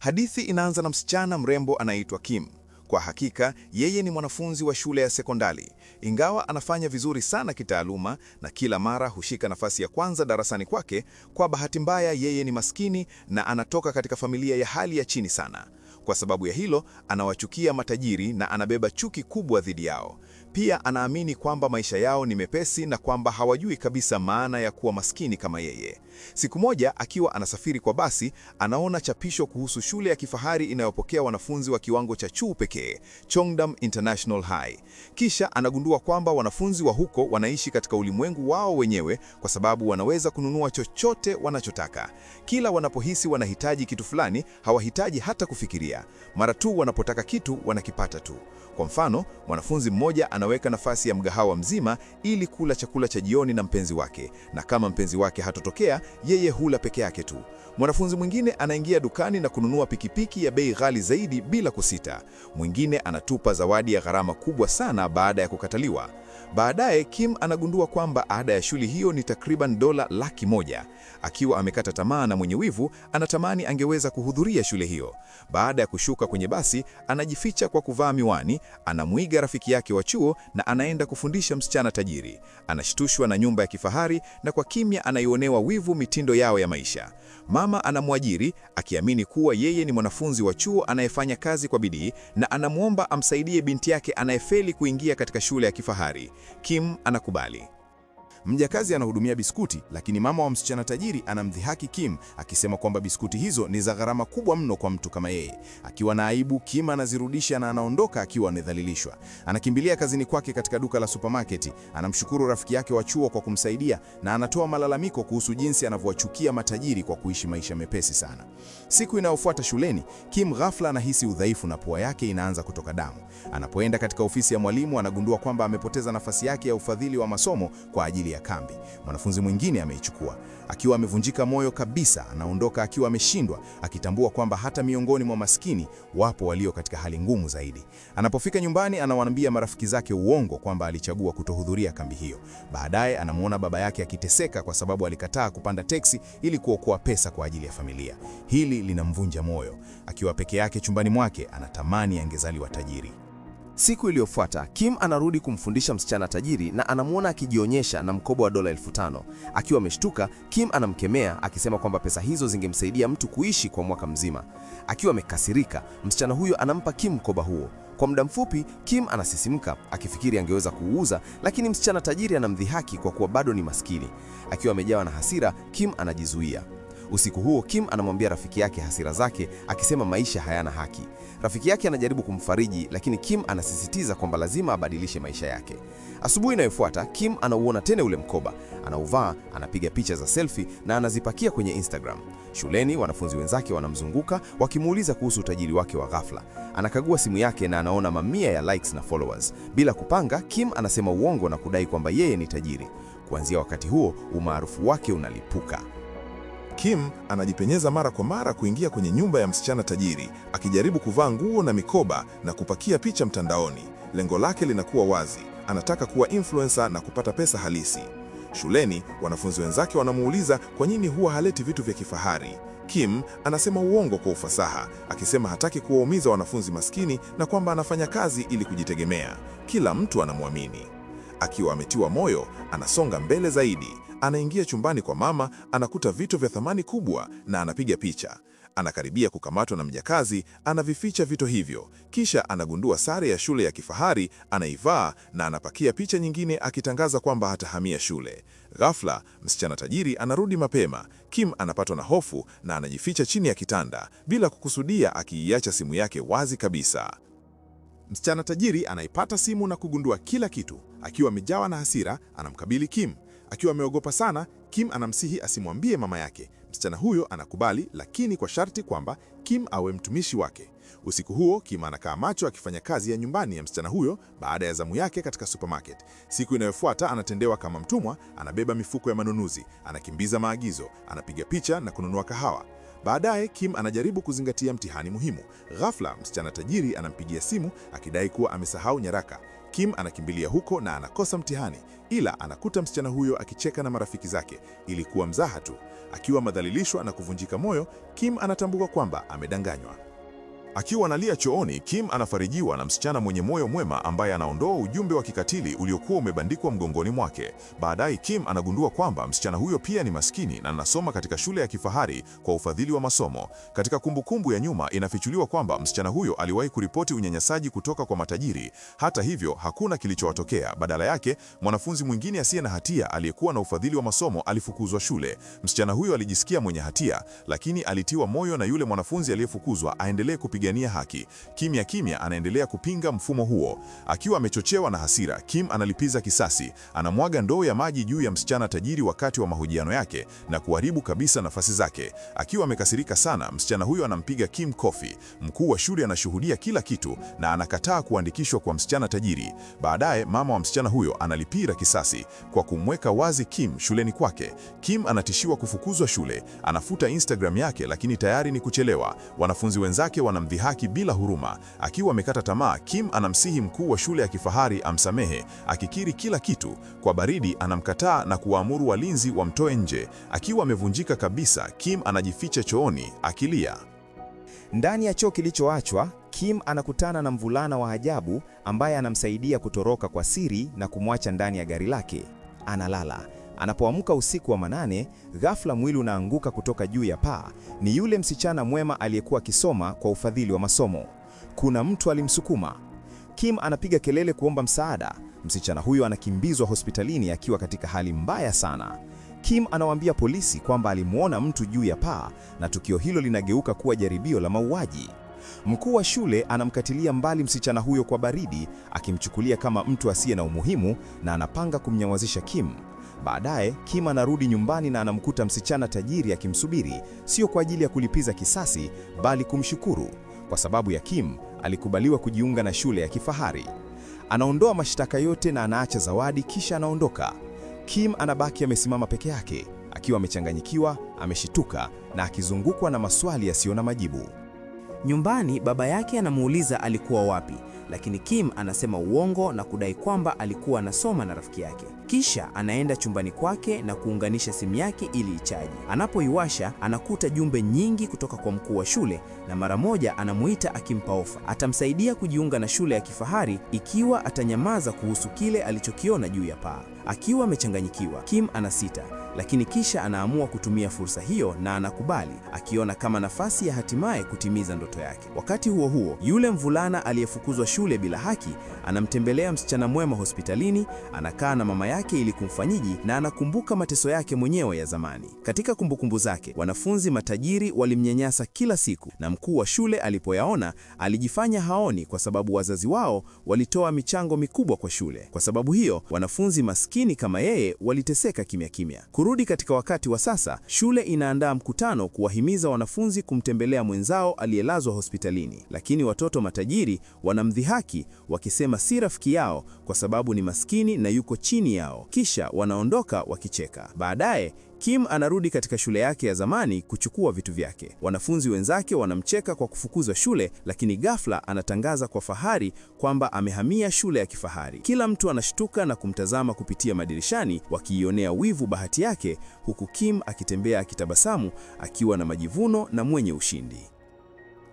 Hadithi inaanza na msichana mrembo anaitwa Kim. Kwa hakika yeye ni mwanafunzi wa shule ya sekondari, ingawa anafanya vizuri sana kitaaluma na kila mara hushika nafasi ya kwanza darasani kwake. Kwa bahati mbaya, yeye ni maskini na anatoka katika familia ya hali ya chini sana. Kwa sababu ya hilo, anawachukia matajiri na anabeba chuki kubwa dhidi yao. Pia anaamini kwamba maisha yao ni mepesi na kwamba hawajui kabisa maana ya kuwa maskini kama yeye. Siku moja akiwa anasafiri kwa basi, anaona chapisho kuhusu shule ya kifahari inayopokea wanafunzi wa kiwango cha juu pekee, Chongdam International High. Kisha anagundua kwamba wanafunzi wa huko wanaishi katika ulimwengu wao wenyewe kwa sababu wanaweza kununua chochote wanachotaka. Kila wanapohisi wanahitaji kitu fulani, hawahitaji hata kufikiria mara tu wanapotaka kitu wanakipata tu. Kwa mfano, mwanafunzi mmoja anaweka nafasi ya mgahawa mzima ili kula chakula cha jioni na mpenzi wake, na kama mpenzi wake hatotokea, yeye hula peke yake tu. Mwanafunzi mwingine anaingia dukani na kununua pikipiki ya bei ghali zaidi bila kusita. Mwingine anatupa zawadi ya gharama kubwa sana baada ya kukataliwa. Baadaye Kim anagundua kwamba ada ya shule hiyo ni takriban dola laki moja. Akiwa amekata tamaa na mwenye wivu, anatamani angeweza kuhudhuria shule hiyo. Baada ya kushuka kwenye basi, anajificha kwa kuvaa miwani, Anamwiga rafiki yake wa chuo na anaenda kufundisha msichana tajiri. Anashtushwa na nyumba ya kifahari na kwa kimya anaionewa wivu mitindo yao ya maisha. Mama anamwajiri akiamini kuwa yeye ni mwanafunzi wa chuo anayefanya kazi kwa bidii na anamwomba amsaidie binti yake anayefeli kuingia katika shule ya kifahari. Kim anakubali. Mjakazi anahudumia biskuti, lakini mama wa msichana tajiri anamdhihaki Kim akisema kwamba biskuti hizo ni za gharama kubwa mno kwa mtu kama yeye. Akiwa na aibu, Kim anazirudisha na anaondoka akiwa amedhalilishwa. Anakimbilia kazini kwake katika duka la supermarket, anamshukuru rafiki yake wa chuo kwa kumsaidia na anatoa malalamiko kuhusu jinsi anavyowachukia matajiri kwa kuishi maisha mepesi sana. Siku inayofuata shuleni, Kim ghafla anahisi udhaifu na pua yake inaanza kutoka damu. Anapoenda katika ofisi ya mwalimu, anagundua kwamba amepoteza nafasi yake ya ufadhili wa masomo kwa ajili ya kambi. Mwanafunzi mwingine ameichukua akiwa amevunjika moyo kabisa, anaondoka akiwa ameshindwa, akitambua kwamba hata miongoni mwa maskini wapo walio katika hali ngumu zaidi. Anapofika nyumbani, anawaambia marafiki zake uongo kwamba alichagua kutohudhuria kambi hiyo. Baadaye anamwona baba yake akiteseka kwa sababu alikataa kupanda teksi ili kuokoa pesa kwa ajili ya familia. Hili linamvunja moyo. Akiwa peke yake chumbani mwake, anatamani angezaliwa tajiri. Siku iliyofuata Kim anarudi kumfundisha msichana tajiri na anamwona akijionyesha na mkoba wa dola elfu tano. Akiwa ameshtuka, Kim anamkemea akisema kwamba pesa hizo zingemsaidia mtu kuishi kwa mwaka mzima. Akiwa amekasirika, msichana huyo anampa Kim mkoba huo. Kwa muda mfupi, Kim anasisimka akifikiri angeweza kuuuza, lakini msichana tajiri anamdhihaki kwa kuwa bado ni maskini. Akiwa amejawa na hasira, Kim anajizuia. Usiku huo Kim anamwambia rafiki yake hasira zake, akisema maisha hayana haki. Rafiki yake anajaribu kumfariji, lakini Kim anasisitiza kwamba lazima abadilishe maisha yake. Asubuhi inayofuata Kim anauona tena ule mkoba, anauvaa, anapiga picha za selfie na anazipakia kwenye Instagram. Shuleni wanafunzi wenzake wanamzunguka wakimuuliza kuhusu utajiri wake wa ghafla. Anakagua simu yake na anaona mamia ya likes na followers. Bila kupanga, Kim anasema uongo na kudai kwamba yeye ni tajiri. Kuanzia wakati huo, umaarufu wake unalipuka. Kim anajipenyeza mara kwa mara kuingia kwenye nyumba ya msichana tajiri, akijaribu kuvaa nguo na mikoba na kupakia picha mtandaoni. Lengo lake linakuwa wazi, anataka kuwa influencer na kupata pesa halisi. Shuleni, wanafunzi wenzake wanamuuliza kwa nini huwa haleti vitu vya kifahari. Kim anasema uongo kwa ufasaha, akisema hataki kuwaumiza wanafunzi maskini na kwamba anafanya kazi ili kujitegemea. Kila mtu anamwamini. Akiwa ametiwa moyo, anasonga mbele zaidi. Anaingia chumbani kwa mama, anakuta vito vya thamani kubwa na anapiga picha. Anakaribia kukamatwa na mjakazi, anavificha vito hivyo, kisha anagundua sare ya shule ya kifahari anaivaa na anapakia picha nyingine akitangaza kwamba hatahamia shule. Ghafla msichana tajiri anarudi mapema. Kim anapatwa na hofu na anajificha chini ya kitanda bila kukusudia, akiiacha simu yake wazi kabisa. Msichana tajiri anaipata simu na kugundua kila kitu. Akiwa amejawa na hasira, anamkabili Kim. Akiwa ameogopa sana, Kim anamsihi asimwambie mama yake. Msichana huyo anakubali, lakini kwa sharti kwamba Kim awe mtumishi wake. Usiku huo Kim anakaa macho akifanya kazi ya nyumbani ya msichana huyo baada ya zamu yake katika supermarket. Siku inayofuata anatendewa kama mtumwa, anabeba mifuko ya manunuzi, anakimbiza maagizo, anapiga picha na kununua kahawa. Baadaye Kim anajaribu kuzingatia mtihani muhimu. Ghafla msichana tajiri anampigia simu akidai kuwa amesahau nyaraka. Kim anakimbilia huko na anakosa mtihani, ila anakuta msichana huyo akicheka na marafiki zake. Ilikuwa mzaha tu. Akiwa madhalilishwa na kuvunjika moyo, Kim anatambua kwamba amedanganywa. Akiwa analia chooni, Kim anafarijiwa na msichana mwenye moyo mwema ambaye anaondoa ujumbe wa kikatili uliokuwa umebandikwa mgongoni mwake. Baadaye Kim anagundua kwamba msichana huyo pia ni maskini na anasoma katika shule ya kifahari kwa ufadhili wa masomo. Katika kumbukumbu ya nyuma inafichuliwa kwamba msichana huyo aliwahi kuripoti unyanyasaji kutoka kwa matajiri. Hata hivyo, hakuna kilichowatokea. Badala yake, mwanafunzi mwingine asiye na hatia aliyekuwa na ufadhili wa masomo alifukuzwa shule. Msichana huyo alijisikia mwenye hatia, lakini alitiwa moyo na yule mwanafunzi aliyefukuzwa aendelee kupigania haki. Kimya kimya anaendelea kupinga mfumo huo. Akiwa amechochewa na hasira, Kim analipiza kisasi. Anamwaga ndoo ya maji juu ya msichana tajiri wakati wa mahojiano yake na kuharibu kabisa nafasi zake. Akiwa amekasirika sana, msichana huyo anampiga Kim kofi. Mkuu wa shule anashuhudia kila kitu na anakataa kuandikishwa kwa msichana tajiri. Baadaye mama wa msichana huyo analipira kisasi kwa kumweka wazi Kim shuleni kwake. Kim anatishiwa kufukuzwa shule, anafuta Instagram yake, lakini tayari ni kuchelewa. Wanafunzi wenzake wanam kumdhihaki bila huruma. Akiwa amekata tamaa, Kim anamsihi mkuu wa shule ya kifahari amsamehe, akikiri kila kitu. Kwa baridi anamkataa na kuwaamuru walinzi wamtoe nje. Akiwa amevunjika kabisa, Kim anajificha chooni akilia. Ndani ya choo kilichoachwa, Kim anakutana na mvulana wa ajabu ambaye anamsaidia kutoroka kwa siri na kumwacha ndani ya gari lake. Analala. Anapoamka usiku wa manane, ghafla mwili unaanguka kutoka juu ya paa. Ni yule msichana mwema aliyekuwa akisoma kwa ufadhili wa masomo. Kuna mtu alimsukuma. Kim anapiga kelele kuomba msaada. Msichana huyo anakimbizwa hospitalini akiwa katika hali mbaya sana. Kim anawaambia polisi kwamba alimwona mtu juu ya paa na tukio hilo linageuka kuwa jaribio la mauaji. Mkuu wa shule anamkatilia mbali msichana huyo kwa baridi, akimchukulia kama mtu asiye na umuhimu na anapanga kumnyawazisha Kim. Baadaye Kim anarudi nyumbani na anamkuta msichana tajiri akimsubiri, sio kwa ajili ya kulipiza kisasi, bali kumshukuru kwa sababu ya Kim alikubaliwa kujiunga na shule ya kifahari. Anaondoa mashtaka yote na anaacha zawadi, kisha anaondoka. Kim anabaki amesimama peke yake akiwa amechanganyikiwa, ameshituka na akizungukwa na maswali yasiyo na majibu. Nyumbani baba yake anamuuliza alikuwa wapi, lakini Kim anasema uongo na kudai kwamba alikuwa anasoma na rafiki yake. Kisha anaenda chumbani kwake na kuunganisha simu yake ili ichaji. Anapoiwasha anakuta jumbe nyingi kutoka kwa mkuu wa shule, na mara moja anamuita akimpa ofa. Atamsaidia kujiunga na shule ya kifahari ikiwa atanyamaza kuhusu kile alichokiona juu ya paa. Akiwa amechanganyikiwa, Kim anasita, lakini kisha anaamua kutumia fursa hiyo na anakubali, akiona kama nafasi ya hatimaye kutimiza ndoto yake. Wakati huo huo, yule mvulana aliyefukuzwa shule bila haki anamtembelea msichana mwema hospitalini, anakaa na mama yake yake ilikumfanyiji na anakumbuka mateso yake mwenyewe ya zamani. Katika kumbukumbu zake, wanafunzi matajiri walimnyanyasa kila siku, na mkuu wa shule alipoyaona alijifanya haoni kwa sababu wazazi wao walitoa michango mikubwa kwa shule. Kwa sababu hiyo, wanafunzi maskini kama yeye waliteseka kimya kimya. Kurudi katika wakati wa sasa, shule inaandaa mkutano kuwahimiza wanafunzi kumtembelea mwenzao aliyelazwa hospitalini, lakini watoto matajiri wanamdhihaki wakisema si rafiki yao kwa sababu ni maskini na yuko chini yao yao, kisha wanaondoka wakicheka. Baadaye Kim anarudi katika shule yake ya zamani kuchukua vitu vyake. Wanafunzi wenzake wanamcheka kwa kufukuzwa shule, lakini ghafla anatangaza kwa fahari kwamba amehamia shule ya kifahari. Kila mtu anashtuka na kumtazama kupitia madirishani, wakiionea wivu bahati yake, huku Kim akitembea akitabasamu, akiwa na majivuno na mwenye ushindi.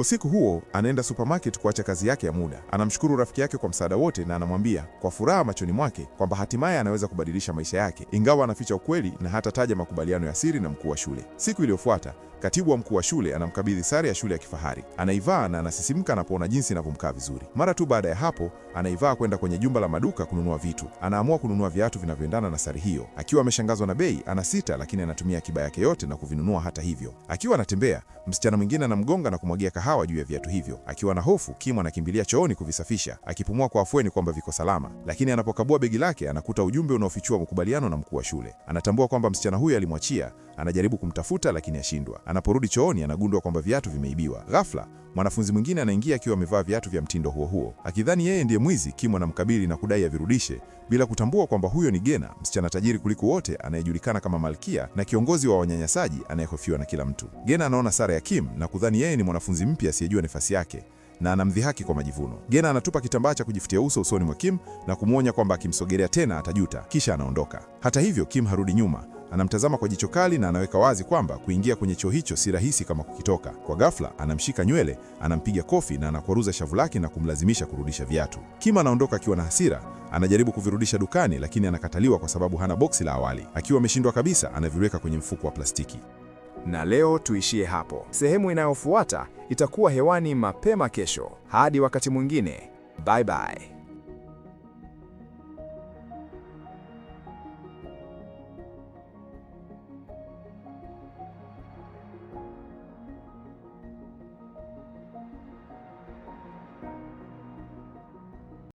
Usiku huo anaenda supermarket kuacha kazi yake ya muda. Anamshukuru rafiki yake kwa msaada wote na anamwambia kwa furaha machoni mwake kwamba hatimaye anaweza kubadilisha maisha yake, ingawa anaficha ukweli na hata taja makubaliano ya siri na mkuu wa shule. Siku iliyofuata Katibu wa mkuu wa shule anamkabidhi sare ya shule ya kifahari. Anaivaa na anasisimka anapoona jinsi inavyomkaa vizuri. Mara tu baada ya hapo, anaivaa kwenda kwenye jumba la maduka kununua vitu. Anaamua kununua viatu vinavyoendana na sare hiyo. Akiwa ameshangazwa na bei, anasita, lakini anatumia akiba yake yote na kuvinunua. Hata hivyo, akiwa anatembea, msichana mwingine anamgonga na kumwagia kahawa juu ya viatu hivyo. Akiwa na hofu, Kim anakimbilia chooni kuvisafisha, akipumua kwa afueni kwamba viko salama, lakini anapokabua begi lake anakuta ujumbe unaofichua makubaliano na mkuu wa shule. Anatambua kwamba msichana huyo alimwachia Anajaribu kumtafuta lakini ashindwa. Anaporudi chooni, anagundua kwamba viatu vimeibiwa. Ghafla mwanafunzi mwingine anaingia akiwa amevaa viatu vya mtindo huo huo, akidhani yeye ndiye mwizi. Kim anamkabili na kudai avirudishe, bila kutambua kwamba huyo ni Gena, msichana tajiri kuliko wote, anayejulikana kama malkia na kiongozi wa wanyanyasaji anayehofiwa na kila mtu. Gena anaona sara ya Kim na kudhani yeye ni mwanafunzi mpya asiyejua nafasi yake na anamdhihaki kwa majivuno. Gena anatupa kitambaa cha kujifutia uso usoni mwa Kim na kumwonya kwamba akimsogelea tena atajuta, kisha anaondoka. Hata hivyo, Kim harudi nyuma Anamtazama kwa jicho kali na anaweka wazi kwamba kuingia kwenye choo hicho si rahisi kama kukitoka. Kwa ghafla, anamshika nywele, anampiga kofi na anakwaruza shavu lake na kumlazimisha kurudisha viatu. kima anaondoka akiwa na hasira, anajaribu kuvirudisha dukani lakini anakataliwa kwa sababu hana boksi la awali. Akiwa ameshindwa kabisa, anaviweka kwenye mfuko wa plastiki. Na leo tuishie hapo. Sehemu inayofuata itakuwa hewani mapema kesho. Hadi wakati mwingine, bye bye.